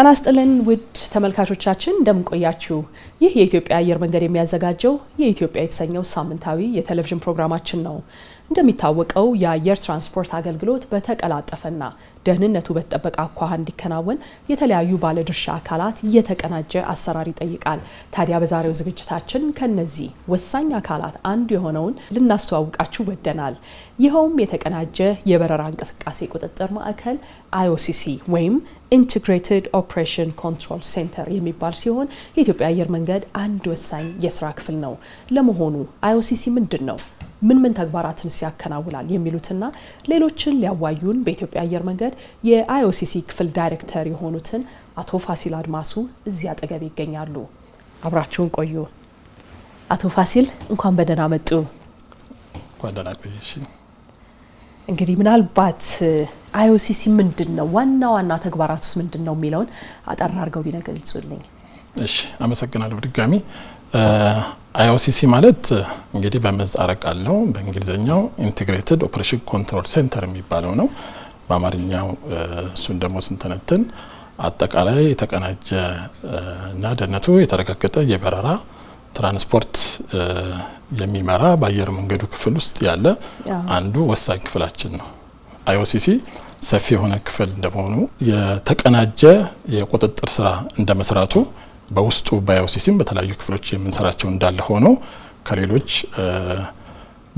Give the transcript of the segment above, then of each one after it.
ጤና ይስጥልን ውድ ተመልካቾቻችን እንደምንቆያችሁ። ይህ የኢትዮጵያ አየር መንገድ የሚያዘጋጀው የኢትዮጵያ የተሰኘው ሳምንታዊ የቴሌቪዥን ፕሮግራማችን ነው። እንደሚታወቀው የአየር ትራንስፖርት አገልግሎት በተቀላጠፈና ደህንነቱ በተጠበቀ አኳኋን እንዲከናወን የተለያዩ ባለድርሻ አካላት እየተቀናጀ አሰራር ይጠይቃል። ታዲያ በዛሬው ዝግጅታችን ከነዚህ ወሳኝ አካላት አንዱ የሆነውን ልናስተዋውቃችሁ ወደናል። ይኸውም የተቀናጀ የበረራ እንቅስቃሴ ቁጥጥር ማዕከል አይኦሲሲ ወይም ኢንትግሬትድ ኦፕሬሽን ኮንትሮል ሴንተር የሚባል ሲሆን የኢትዮጵያ አየር መንገድ አንድ ወሳኝ የስራ ክፍል ነው። ለመሆኑ አይኦሲሲ ምንድን ነው? ምን ምን ተግባራትን ሲያከናውናል? የሚሉትና ሌሎችን ሊያዋዩን በኢትዮጵያ አየር መንገድ የአይኦሲሲ ክፍል ዳይሬክተር የሆኑትን አቶ ፋሲል አድማሱ እዚህ አጠገብ ይገኛሉ። አብራችሁን ቆዩ። አቶ ፋሲል እንኳን በደህና መጡ። እንግዲህ ምናልባት አይኦሲሲ ምንድን ነው ዋና ዋና ተግባራት ውስጥ ምንድን ነው የሚለውን አጠር አድርገው ቢነገልጹልኝ። እሺ፣ አመሰግናለሁ ድጋሚ። አይኦሲሲ ማለት እንግዲህ በምህጻረ ቃል ነው፣ በእንግሊዝኛው ኢንቴግሬትድ ኦፕሬሽን ኮንትሮል ሴንተር የሚባለው ነው። በአማርኛው እሱን ደግሞ ስንተነትን አጠቃላይ የተቀናጀ እና ደህንነቱ የተረጋገጠ የበረራ ትራንስፖርት የሚመራ በአየር መንገዱ ክፍል ውስጥ ያለ አንዱ ወሳኝ ክፍላችን ነው። አይኦሲሲ ሰፊ የሆነ ክፍል እንደመሆኑ የተቀናጀ የቁጥጥር ስራ እንደ መስራቱ በውስጡ በአይኦሲሲም በተለያዩ ክፍሎች የምንሰራቸው እንዳለ ሆኖ ከሌሎች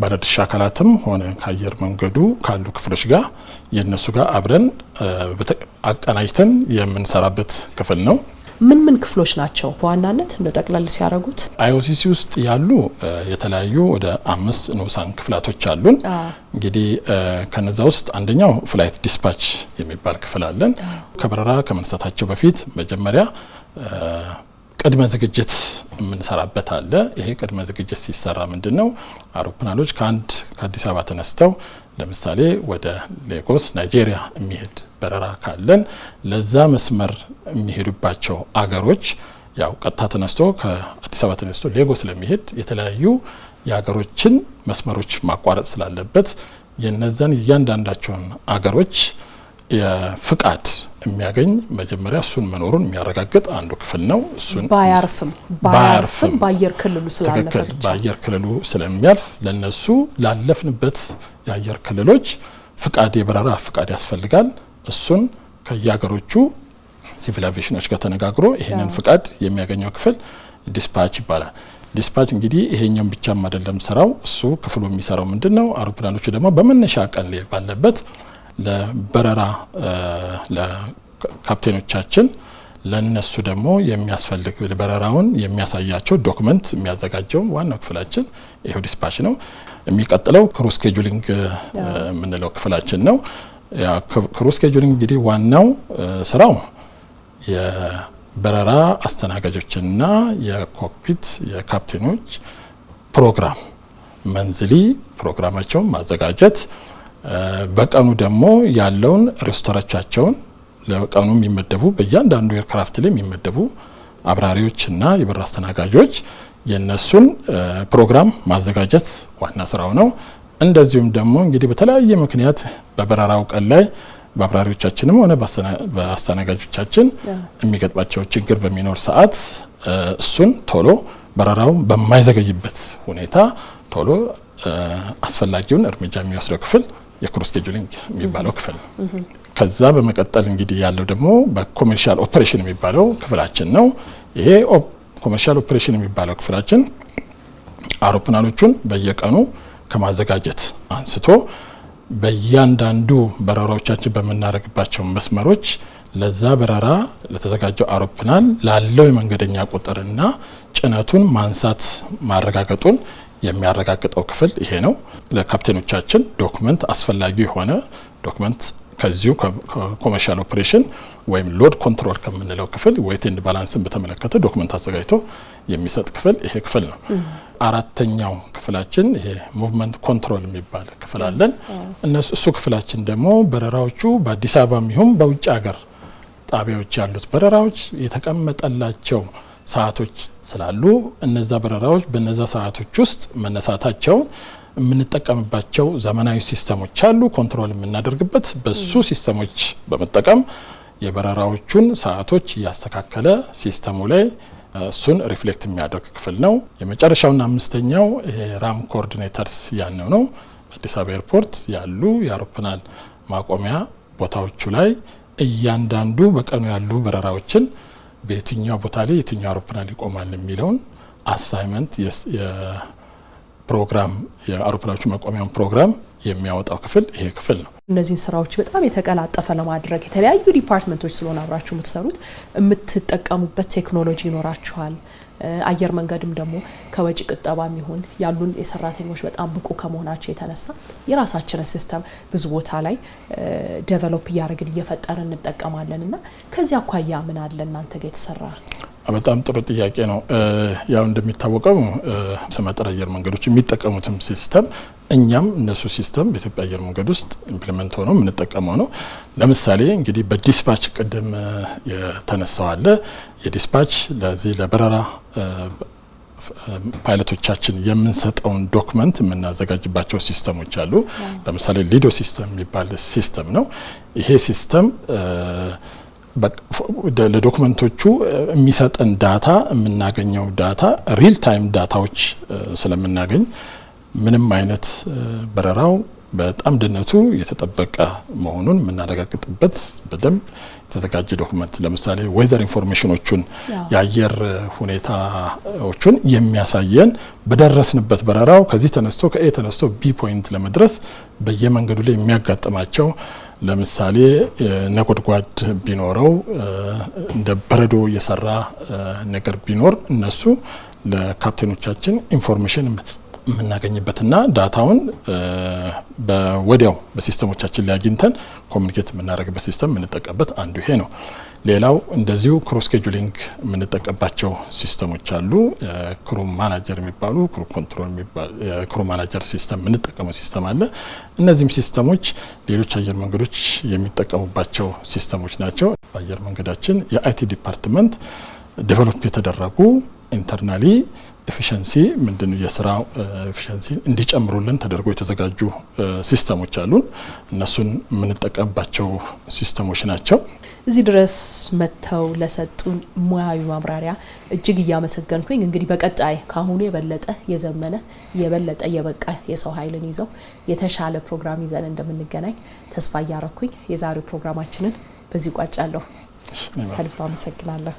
ባለድርሻ አካላትም ሆነ ከአየር መንገዱ ካሉ ክፍሎች ጋር የእነሱ ጋር አብረን አቀናጅተን የምንሰራበት ክፍል ነው። ምን ምን ክፍሎች ናቸው በዋናነት እንደ ጠቅለል ሲያደርጉት? አይኦሲሲ ውስጥ ያሉ የተለያዩ ወደ አምስት ንዑሳን ክፍላቶች አሉን። እንግዲህ ከነዛ ውስጥ አንደኛው ፍላይት ዲስፓች የሚባል ክፍል አለን። ከበረራ ከመነሳታቸው በፊት መጀመሪያ ቅድመ ዝግጅት የምንሰራበት አለ። ይሄ ቅድመ ዝግጅት ሲሰራ ምንድን ነው? አውሮፕላኖች ከአንድ ከአዲስ አበባ ተነስተው ለምሳሌ ወደ ሌጎስ ናይጄሪያ የሚሄድ በረራ ካለን ለዛ መስመር የሚሄዱባቸው አገሮች ያው ቀጥታ ተነስቶ ከአዲስ አበባ ተነስቶ ሌጎስ ለሚሄድ የተለያዩ የሀገሮችን መስመሮች ማቋረጥ ስላለበት የነዛን እያንዳንዳቸውን አገሮች የፍቃድ የሚያገኝ መጀመሪያ እሱን መኖሩን የሚያረጋግጥ አንዱ ክፍል ነው። እሱን ባያርፍም ባያርፍም በአየር ክልሉ ስላለፈ በአየር ክልሉ ስለሚያልፍ ለነሱ ላለፍንበት የአየር ክልሎች ፍቃድ፣ የበረራ ፍቃድ ያስፈልጋል። እሱን ከየሀገሮቹ ሲቪል አቪዬሽኖች ጋር ተነጋግሮ ይህንን ፍቃድ የሚያገኘው ክፍል ዲስፓች ይባላል። ዲስፓች እንግዲህ ይሄኛውን ብቻም አይደለም ስራው። እሱ ክፍሉ የሚሰራው ምንድን ነው? አውሮፕላኖቹ ደግሞ በመነሻ ቀን ባለበት ለበረራ ለካፕቴኖቻችን ለነሱ ደግሞ የሚያስፈልግ በረራውን የሚያሳያቸው ዶክመንት የሚያዘጋጀው ዋናው ክፍላችን ይሄው ዲስፓች ነው። የሚቀጥለው ክሩ ስኬጁሊንግ የምንለው ክፍላችን ነው። ክሩ ስኬጁሊንግ እንግዲህ ዋናው ስራው የበረራ አስተናጋጆችና የኮክፒት የካፕቴኖች ፕሮግራም መንዝሊ ፕሮግራማቸውን ማዘጋጀት በቀኑ ደግሞ ያለውን ሬስቶሮቻቸውን ለቀኑ የሚመደቡ በእያንዳንዱ ኤርክራፍት ላይ የሚመደቡ አብራሪዎችና የበር አስተናጋጆች የነሱን ፕሮግራም ማዘጋጀት ዋና ስራው ነው። እንደዚሁም ደግሞ እንግዲህ በተለያየ ምክንያት በበረራው ቀን ላይ በአብራሪዎቻችንም ሆነ በአስተናጋጆቻችን የሚገጥባቸው ችግር በሚኖር ሰዓት እሱን ቶሎ በረራው በማይዘገይበት ሁኔታ ቶሎ አስፈላጊውን እርምጃ የሚወስደው ክፍል የክሩስ ስኬጁሊንግ የሚባለው ክፍል ከዛ በመቀጠል እንግዲህ ያለው ደግሞ በኮሜርሻል ኦፕሬሽን የሚባለው ክፍላችን ነው። ይሄ ኮሜርሻል ኦፕሬሽን የሚባለው ክፍላችን አውሮፕላኖቹን በየቀኑ ከማዘጋጀት አንስቶ በእያንዳንዱ በረራዎቻችን በምናደርግባቸው መስመሮች ለዛ በረራ ለተዘጋጀው አውሮፕላን ላለው የመንገደኛ ቁጥርና ጭነቱን ማንሳት ማረጋገጡን የሚያረጋግጠው ክፍል ይሄ ነው። ለካፕቴኖቻችን ዶክመንት አስፈላጊ የሆነ ዶክመንት ከዚሁ ኮመርሻል ኦፕሬሽን ወይም ሎድ ኮንትሮል ከምንለው ክፍል ዌይት ኤንድ ባላንስን በተመለከተ ዶክመንት አዘጋጅቶ የሚሰጥ ክፍል ይሄ ክፍል ነው። አራተኛው ክፍላችን ይሄ ሙቭመንት ኮንትሮል የሚባል ክፍል አለን። እሱ ክፍላችን ደግሞ በረራዎቹ በአዲስ አበባ ይሁን በውጭ ሀገር ጣቢያዎች ያሉት በረራዎች የተቀመጠላቸው ሰዓቶች ስላሉ እነዛ በረራዎች በነዛ ሰዓቶች ውስጥ መነሳታቸውን የምንጠቀምባቸው ዘመናዊ ሲስተሞች አሉ። ኮንትሮል የምናደርግበት በሱ ሲስተሞች በመጠቀም የበረራዎቹን ሰዓቶች እያስተካከለ ሲስተሙ ላይ እሱን ሪፍሌክት የሚያደርግ ክፍል ነው። የመጨረሻውና አምስተኛው ራም ኮኦርዲኔተርስ ያልነው ነው። አዲስ አበባ ኤርፖርት ያሉ የአውሮፕላን ማቆሚያ ቦታዎቹ ላይ እያንዳንዱ በቀኑ ያሉ በረራዎችን በየትኛው ቦታ ላይ የትኛው አውሮፕላን ይቆማል የሚለውን አሳይመንት ፕሮግራም የአውሮፕላኖቹ መቋሚያውን ፕሮግራም የሚያወጣው ክፍል ይሄ ክፍል ነው። እነዚህን ስራዎች በጣም የተቀላጠፈ ለማድረግ የተለያዩ ዲፓርትመንቶች ስለሆነ አብራችሁ የምትሰሩት የምትጠቀሙበት ቴክኖሎጂ ይኖራችኋል። አየር መንገድም ደግሞ ከወጪ ቅጠባ የሚሆን ያሉን የሰራተኞች በጣም ብቁ ከመሆናቸው የተነሳ የራሳችንን ሲስተም ብዙ ቦታ ላይ ዴቨሎፕ እያደረግን እየፈጠርን እንጠቀማለን እና ከዚህ አኳያ ምን አለ እናንተ ጋር የተሰራ በጣም ጥሩ ጥያቄ ነው። ያው እንደሚታወቀው ስመጥር አየር መንገዶች የሚጠቀሙትም ሲስተም እኛም እነሱ ሲስተም በኢትዮጵያ አየር መንገድ ውስጥ ኢምፕሊመንት ሆኖ የምንጠቀመው ነው። ለምሳሌ እንግዲህ በዲስፓች ቅድም የተነሳው አለ የዲስፓች ለዚህ ለበረራ ፓይለቶቻችን የምንሰጠውን ዶክመንት የምናዘጋጅባቸው ሲስተሞች አሉ። ለምሳሌ ሊዶ ሲስተም የሚባል ሲስተም ነው። ይሄ ሲስተም ለዶክመንቶቹ የሚሰጠን ዳታ የምናገኘው ዳታ ሪል ታይም ዳታዎች ስለምናገኝ ምንም አይነት በረራው በጣም ደህንነቱ የተጠበቀ መሆኑን የምናረጋግጥበት በደንብ የተዘጋጀ ዶክመንት፣ ለምሳሌ ወይዘር ኢንፎርሜሽኖቹን የአየር ሁኔታዎቹን የሚያሳየን በደረስንበት በረራው ከዚህ ተነስቶ ከኤ ተነስቶ ቢ ፖይንት ለመድረስ በየመንገዱ ላይ የሚያጋጥማቸው ለምሳሌ ነጎድጓድ ቢኖረው እንደ በረዶ የሰራ ነገር ቢኖር እነሱ ለካፕቴኖቻችን ኢንፎርሜሽን የምናገኝበትና ዳታውን ወዲያው በሲስተሞቻችን ላይ አግኝተን ኮሚኒኬት የምናደርግበት ሲስተም የምንጠቀምበት አንዱ ይሄ ነው። ሌላው እንደዚሁ ክሮስኬጁሊንግ የምንጠቀምባቸው ሲስተሞች አሉ። ክሩ ማናጀር የሚባሉ ክሩ ኮንትሮል፣ ክሩ ማናጀር ሲስተም የምንጠቀመው ሲስተም አለ። እነዚህም ሲስተሞች ሌሎች አየር መንገዶች የሚጠቀሙባቸው ሲስተሞች ናቸው። በአየር መንገዳችን የአይቲ ዲፓርትመንት ዴቨሎፕ የተደረጉ ኢንተርናሊ ኤፊሽንሲ ምንድን የስራ ኤፊሽንሲ እንዲጨምሩልን ተደርጎ የተዘጋጁ ሲስተሞች አሉን። እነሱን የምንጠቀምባቸው ሲስተሞች ናቸው። እዚህ ድረስ መጥተው ለሰጡን ሙያዊ ማብራሪያ እጅግ እያመሰገንኩኝ እንግዲህ በቀጣይ ካሁን የበለጠ የዘመነ የበለጠ የበቃ የሰው ኃይልን ይዘው የተሻለ ፕሮግራም ይዘን እንደምንገናኝ ተስፋ እያረኩኝ የዛሬው ፕሮግራማችንን በዚህ ቋጫለሁ። ከልብ አመሰግናለሁ።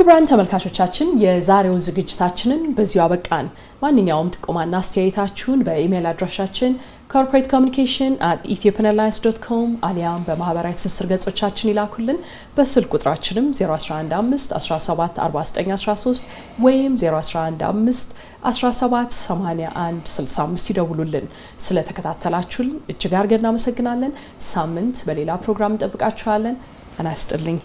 ክቡራን ተመልካቾቻችን የዛሬው ዝግጅታችንን በዚሁ አበቃን። ማንኛውም ጥቆማና አስተያየታችሁን በኢሜይል አድራሻችን ኮርፖሬት ኮሚኒኬሽን አት ኢትዮጵያን ኤርላይንስ ዶት ኮም አሊያም በማህበራዊ ትስስር ገጾቻችን ይላኩልን። በስልክ ቁጥራችንም 0115174913 ወይም 0115178165 ይደውሉልን። ስለተከታተላችሁልን እጅግ አድርገን እናመሰግናለን። ሳምንት በሌላ ፕሮግራም እንጠብቃችኋለን። አናስጥልኝ